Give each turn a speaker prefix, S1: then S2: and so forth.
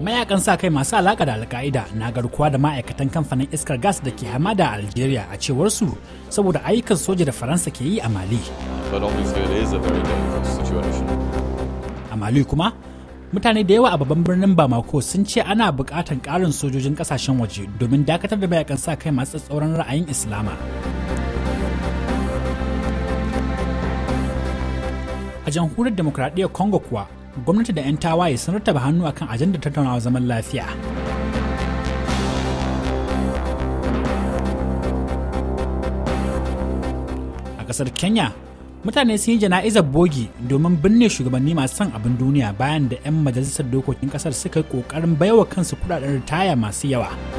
S1: mayakan sa kai masu alaka da alka'ida na garkuwa da ma'aikatan kamfanin iskar gas da ke hamada a algeria a cewar su saboda ayyukan soja da faransa ke yi a mali a mali kuma mutane da yawa a babban birnin bamako sun ce ana buƙatar karin sojojin kasashen waje domin dakatar da mayakan sa kai masu tsatsauran ra'ayin islama a jamhuriyar demokradiyyar congo kuwa gwamnati da 'yan tawaye sun rattaba hannu akan ajandar tattaunawa zaman lafiya a ƙasar kenya mutane sun yi jana'izar bogi domin binne shugabanni masu son abin duniya bayan da 'yan majalisar dokokin ƙasar suka yi ƙoƙarin baiwa kansu kuɗaɗen ritaya masu yawa.